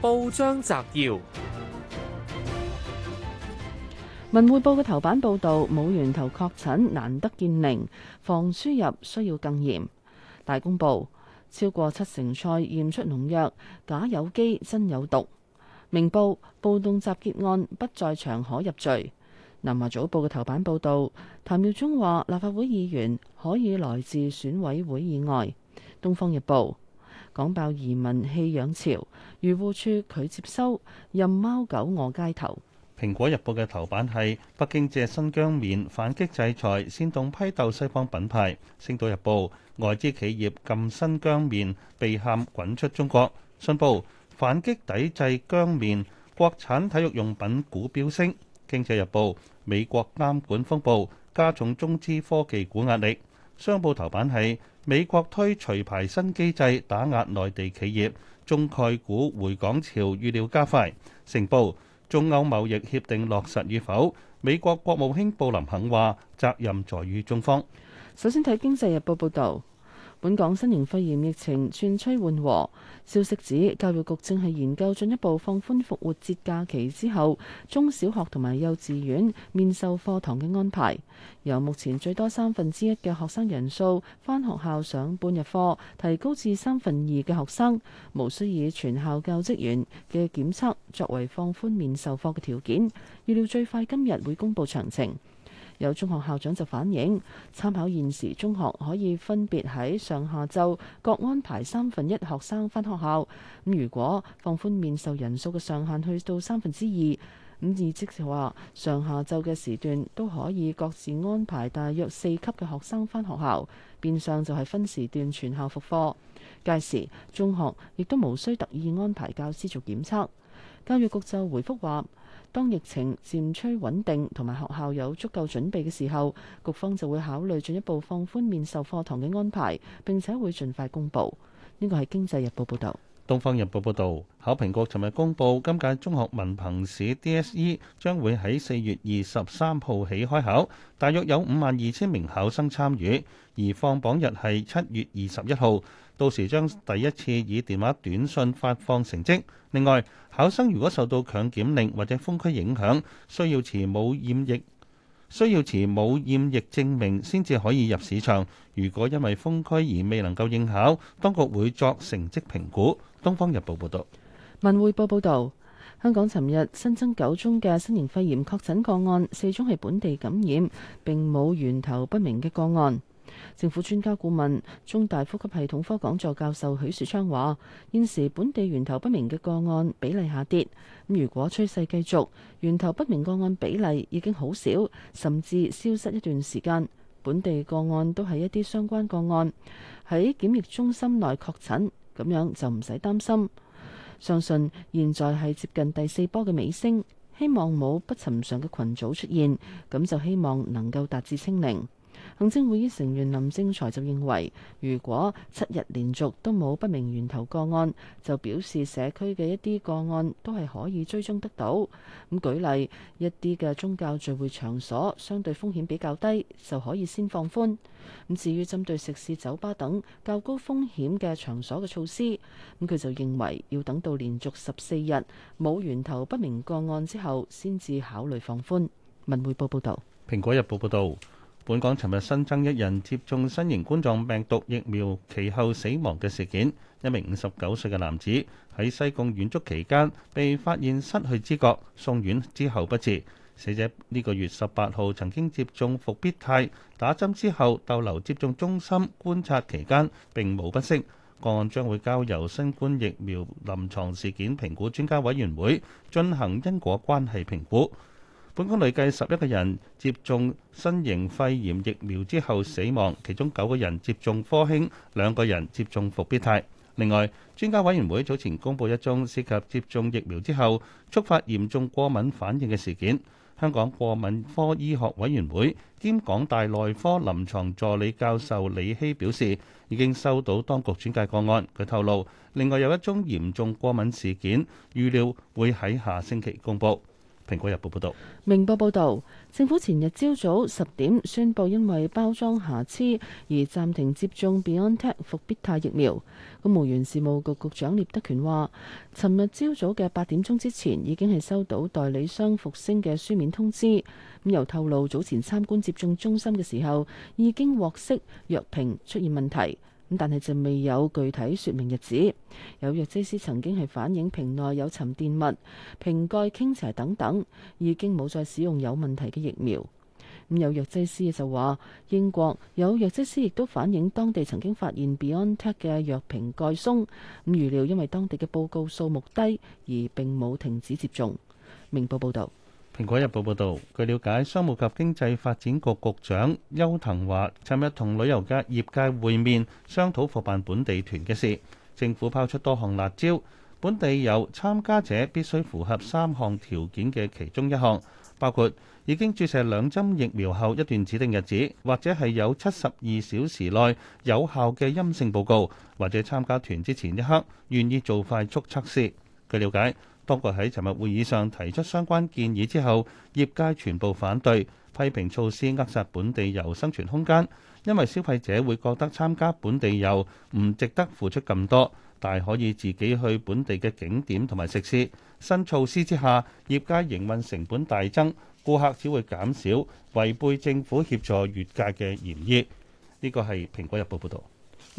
報章摘要：《文匯報》嘅頭版報道冇源頭確診，難得見零，防輸入需要更嚴。《大公報》超過七成菜驗出農藥，假有機真有毒。《明報》暴動集結案不在場可入罪。《南華早報》嘅頭版報道：譚耀宗話立法會議員可以來自選委會以外。《東方日報》港爆移民棄養潮，漁護處拒接收，任貓狗餓街頭。《蘋果日報》嘅頭版係北京借新疆棉反擊制裁，煽動批鬥西方品牌。《星島日報》外資企業禁新疆棉，被喊滾出中國。《信報》反擊抵制疆棉，國產體育用品股飆升。《經濟日報》美國監管風暴加重中資科技股壓力。商報頭版係美國推除牌新機制，打壓內地企業，中概股回港潮預料加快。成報，中歐貿易協定落實與否，美國國務卿布林肯話責任在於中方。首先睇經濟日報報導。本港新型肺炎疫情轉趨緩和，消息指教育局正係研究進一步放寬復活節假期之後中小學同埋幼稚園面授課堂嘅安排，由目前最多三分之一嘅學生人數翻學校上半日課提高至三分二嘅學生，無需以全校教職員嘅檢測作為放寬面授課嘅條件。預料最快今日會公布詳情。有中學校長就反映，參考現時中學可以分別喺上下晝各安排三分一學生翻學校。咁如果放寬面授人數嘅上限去到三分之二，咁亦即係話上下晝嘅時段都可以各自安排大約四級嘅學生翻學校。變相就係分時段全校復課，屆時中學亦都無需特意安排教師做檢測，教育局就回覆話當疫情漸趨穩定，同埋學校有足夠準備嘅時候，局方就會考慮進一步放寬面授課堂嘅安排，並且會盡快公佈。呢個係《經濟日報》報導，《東方日報》報導，考評局尋日公佈今屆中學文憑試 DSE 將會喺四月二十三號起開考，大約有五萬二千名考生參與，而放榜日係七月二十一號。到時將第一次以電話短信發放成績。另外，考生如果受到強檢令或者封區影響，需要持冇驗疫需要持冇驗疫證明先至可以入市場。如果因為封區而未能夠應考，當局會作成績評估。《東方日報》報道。《文匯報》報道，香港尋日新增九宗嘅新型肺炎確診個案，四宗係本地感染，並冇源頭不明嘅個案。政府專家顧問、中大呼吸系統科講座教授許樹昌話：現時本地源頭不明嘅個案比例下跌，如果趨勢繼續，源頭不明個案比例已經好少，甚至消失一段時間。本地個案都係一啲相關個案喺檢疫中心內確診，咁樣就唔使擔心。相信現在係接近第四波嘅尾聲，希望冇不尋常嘅群組出現，咁就希望能夠達至清零。行政會議成員林正財就認為，如果七日連續都冇不明源頭個案，就表示社區嘅一啲個案都係可以追蹤得到。咁舉例一啲嘅宗教聚會場所相對風險比較低，就可以先放寬。咁至於針對食肆、酒吧等較高風險嘅場所嘅措施，咁佢就認為要等到連續十四日冇源頭不明個案之後，先至考慮放寬。文匯報報道，蘋果日報報道。本港尋日新增一人接種新型冠狀病毒疫苗其後死亡嘅事件，一名五十九歲嘅男子喺西貢遠足期間被發現失去知覺，送院之後不治。死者呢個月十八號曾經接種復必泰，打針之後逗留接種中心觀察，期間並無不適。個案將會交由新冠疫苗臨床事件評估專家委員會進行因果關係評估。本港累計十一個人接種新型肺炎疫苗之後死亡，其中九個人接種科興，兩個人接種復必泰。另外，專家委員會早前公布一宗涉及接種疫苗之後觸發嚴重過敏反應嘅事件。香港過敏科醫學委員會兼港大內科臨床助理教授李希表示，已經收到當局轉介個案。佢透露，另外有一宗嚴重過敏事件，預料會喺下星期公佈。蘋果日報報道，明報報道，政府前日朝早十點宣布，因為包裝瑕疵而暫停接種 BioNTech 復必泰疫苗。咁，公務員事務局局長聶德權話，尋日朝早嘅八點鐘之前，已經係收到代理商復星嘅書面通知。咁又透露，早前參觀接種中心嘅時候，已經獲悉藥瓶出現問題。咁但係就未有具體説明日子。有藥劑師曾經係反映瓶內有沉澱物、瓶蓋傾斜等等，已經冇再使用有問題嘅疫苗。咁有藥劑師就話，英國有藥劑師亦都反映當地曾經發現 BioNTech 嘅藥瓶蓋鬆。咁預料因為當地嘅報告數目低，而並冇停止接種。明報報道。《蘋果日報》報導，據瞭解，商務及經濟發展局局長邱騰華尋日同旅遊界業界會面，商討復辦本地團嘅事。政府拋出多項辣招，本地遊參加者必須符合三項條件嘅其中一項，包括已經注射兩針疫苗後一段指定日子，或者係有七十二小時內有效嘅陰性報告，或者參加團之前一刻願意做快速測試。據瞭解。不過喺尋日會議上提出相關建議之後，業界全部反對，批評措施扼殺本地遊生存空間，因為消費者會覺得參加本地遊唔值得付出咁多，但可以自己去本地嘅景點同埋食肆。新措施之下，業界營運成本大增，顧客只會減少，違背政府協助業界嘅嫌疑。呢個係《蘋果日報》報導。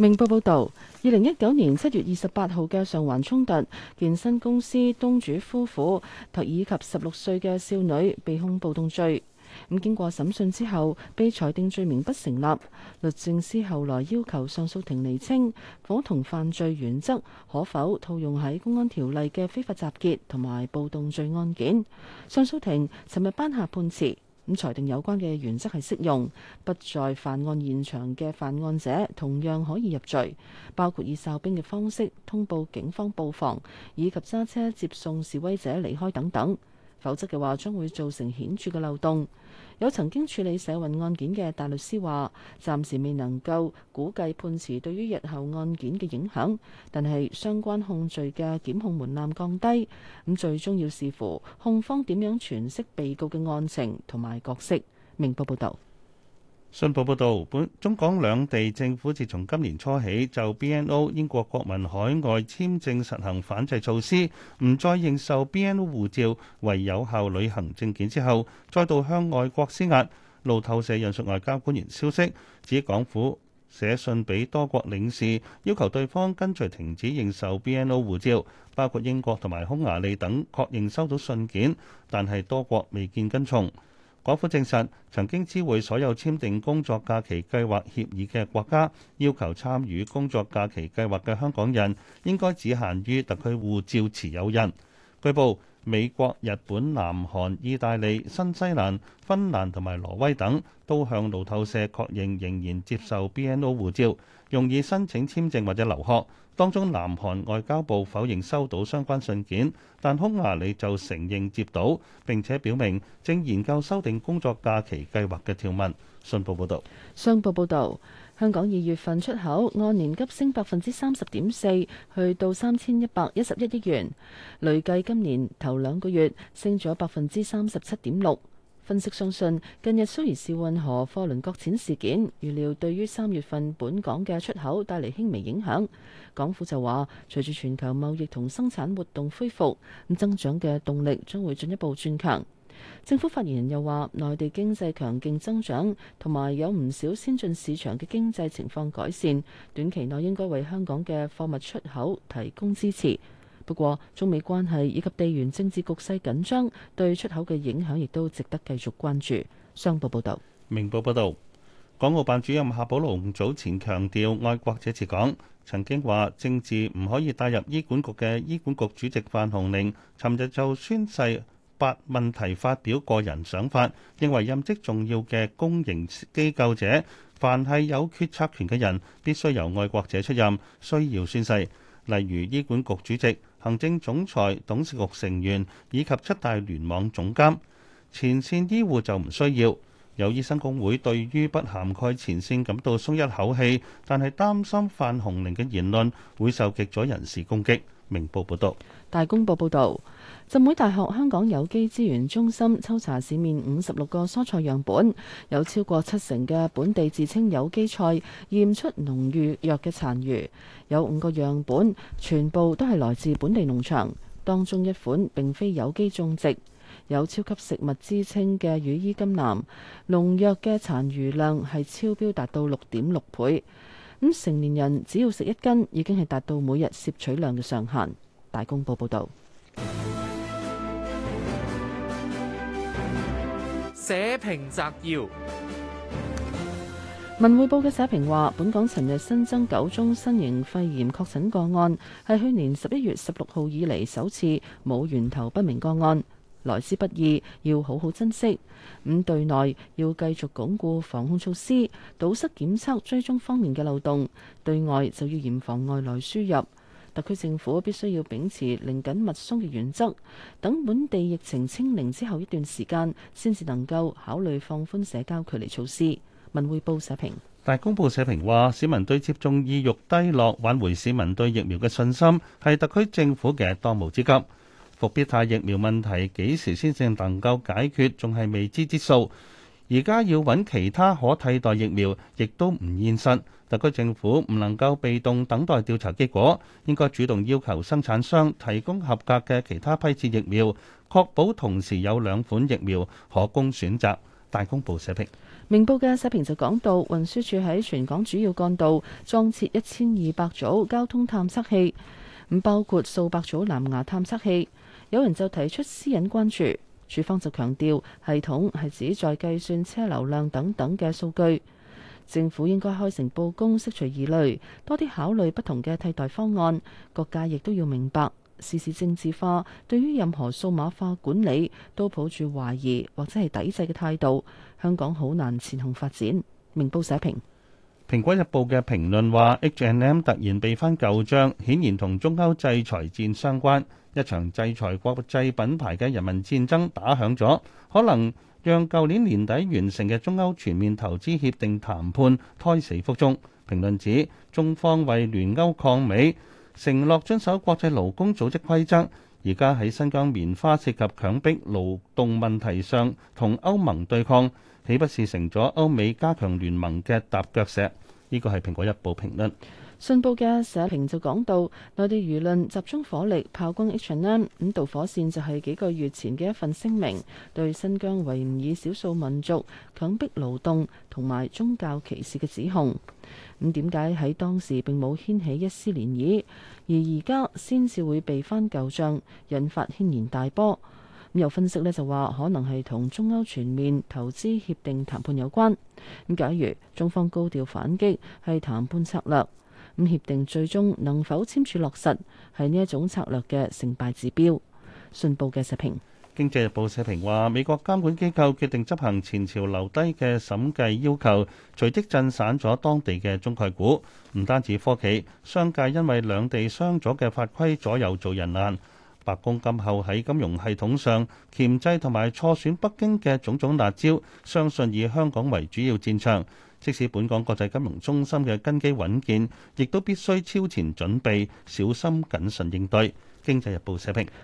明報報導，二零一九年七月二十八號嘅上環衝突，健身公司東主夫婦及以及十六歲嘅少女被控暴動罪。咁經過審訊之後，被裁定罪名不成立。律政司後來要求上訴庭釐清，伙同犯罪原則可否套用喺公安條例嘅非法集結同埋暴動罪案件。上訴庭尋日頒下判詞。咁裁定有關嘅原則係適用，不在犯案現場嘅犯案者同樣可以入罪，包括以哨兵嘅方式通報警方佈防，以及揸車接送示威者離開等等。否則嘅話，將會造成顯著嘅漏洞。有曾經處理社運案件嘅大律師話：暫時未能夠估計判詞對於日後案件嘅影響，但係相關控罪嘅檢控門檻降低，咁最終要視乎控方點樣詮釋被告嘅案情同埋角色。明報報道。信報報導，本中港兩地政府自從今年初起就 BNO 英國國民海外簽證實行反制措施，唔再認受 BNO 護照為有效旅行證件之後，再度向外國施壓。路透社引述外交官員消息，指港府寫信俾多國領事，要求對方跟隨停止認受 BNO 護照，包括英國同埋匈牙利等，確認收到信件，但係多國未見跟從。政府證實曾經知會所有簽訂工作假期計劃協議嘅國家，要求參與工作假期計劃嘅香港人應該只限於特區護照持有人。據報，美國、日本、南韓、意大利、新西蘭、芬蘭同埋挪威等都向路透社確認仍然接受 BNO 護照。容易申請簽證或者留學，當中南韓外交部否認收到相關信件，但匈牙利就承認接到，並且表明正研究修訂工作假期計劃嘅條文。信報報導，商報報道：「香港二月份出口按年急升百分之三十點四，去到三千一百一十一億元，累計今年頭兩個月升咗百分之三十七點六。分析相信，近日蘇伊士運河貨輪擱淺事件，預料對於三月份本港嘅出口帶嚟輕微影響。港府就話隨住全球貿易同生產活動恢復咁增長嘅動力將會進一步轉強，政府發言人又話，內地經濟強勁增長同埋有唔少先進市場嘅經濟情況改善，短期內應該為香港嘅貨物出口提供支持。不過，中美關係以及地緣政治局勢緊張對出口嘅影響，亦都值得繼續關注。商報報導，明報報導，港澳辦主任夏寶龍早前強調，愛國者治港曾經話政治唔可以帶入醫管局嘅醫管局主席范鴻齡，尋日就宣誓八問題發表個人想法，認為任職重要嘅公營機構者，凡係有決策權嘅人必須由愛國者出任，需要宣誓，例如醫管局主席。行政總裁、董事局成員以及七大聯網總監，前線醫護就唔需要。有醫生公會對於不涵蓋前線感到鬆一口氣，但係擔心范鴻齡嘅言論會受極左人士攻擊。明報報道。大公報報道，浸會大學香港有機資源中心抽查市面五十六個蔬菜樣本，有超過七成嘅本地自稱有機菜驗出農藥嘅殘餘，有五個樣本全部都係來自本地農場，當中一款並非有機種植。有超級食物之稱嘅羽衣甘藍農藥嘅殘餘量係超標，達到六點六倍。咁成年人只要食一斤，已經係達到每日攝取量嘅上限。大公報報導。社評摘要：文匯報嘅社評話，本港尋日新增九宗新型肺炎確診個案，係去年十一月十六號以嚟首次冇源頭不明個案。來之不易，要好好珍惜。五對內要繼續鞏固防控措施、堵塞檢測追蹤方面嘅漏洞；對外就要嚴防外來輸入。特區政府必須要秉持寧緊勿鬆嘅原則，等本地疫情清零之後一段時間，先至能夠考慮放寬社交距離措施。文匯報社評，大公報社評話：市民對接種意欲低落，挽回市民對疫苗嘅信心，係特區政府嘅當務之急。復必泰疫苗問題幾時先至能夠解決，仲係未知之數。而家要揾其他可替代疫苗，亦都唔現實。特區政府唔能夠被動等待調查結果，應該主動要求生產商提供合格嘅其他批次疫苗，確保同時有兩款疫苗可供選擇。大公報社評。明報嘅社評就講到，運輸署喺全港主要幹道裝設一千二百組交通探測器，唔包括數百組藍牙探測器。有人就提出私隱關注，署方就強調系統係旨在計算車流量等等嘅數據，政府應該開誠布公，釋除疑慮，多啲考慮不同嘅替代方案。各界亦都要明白，事事政治化，對於任何數碼化管理都抱住懷疑或者係抵制嘅態度，香港好難前行發展。明報社評。蘋果日報嘅評論話 H&M 突然被翻舊賬，顯然同中歐制裁戰相關。一場制裁國際品牌嘅人民戰爭打響咗，可能讓舊年年底完成嘅中歐全面投資協定談判胎死腹中。評論指中方為聯歐抗美，承諾遵守國際勞工組織規則，而家喺新疆棉花涉及強迫勞動問題上同歐盟對抗，豈不是成咗歐美加強聯盟嘅踏腳石？呢個係《蘋果日報》評論。信報嘅社評就講到，內地輿論集中火力炮轟 H&M，咁導火線就係幾個月前嘅一份聲明，對新疆維吾爾少數民族強迫勞動同埋宗教歧視嘅指控。咁點解喺當時並冇掀起一絲漣漪，而而家先至會被翻舊帳，引發軒然大波？咁有分析呢就話，可能係同中歐全面投資協定談判有關。咁假如中方高調反擊係談判策略。咁協定最終能否簽署落實，係呢一種策略嘅成敗指標。信報嘅社評。《經濟日報》社評話：美國監管機構決定執行前朝留低嘅審計要求，隨即震散咗當地嘅中概股。唔單止科技，商界因為兩地相左嘅法規左右做人難。白宮今後喺金融系統上鉗制同埋錯選北京嘅種種辣椒，相信以香港為主要戰場，即使本港國際金融中心嘅根基穩健，亦都必須超前準備，小心謹慎應對。經濟日報社評。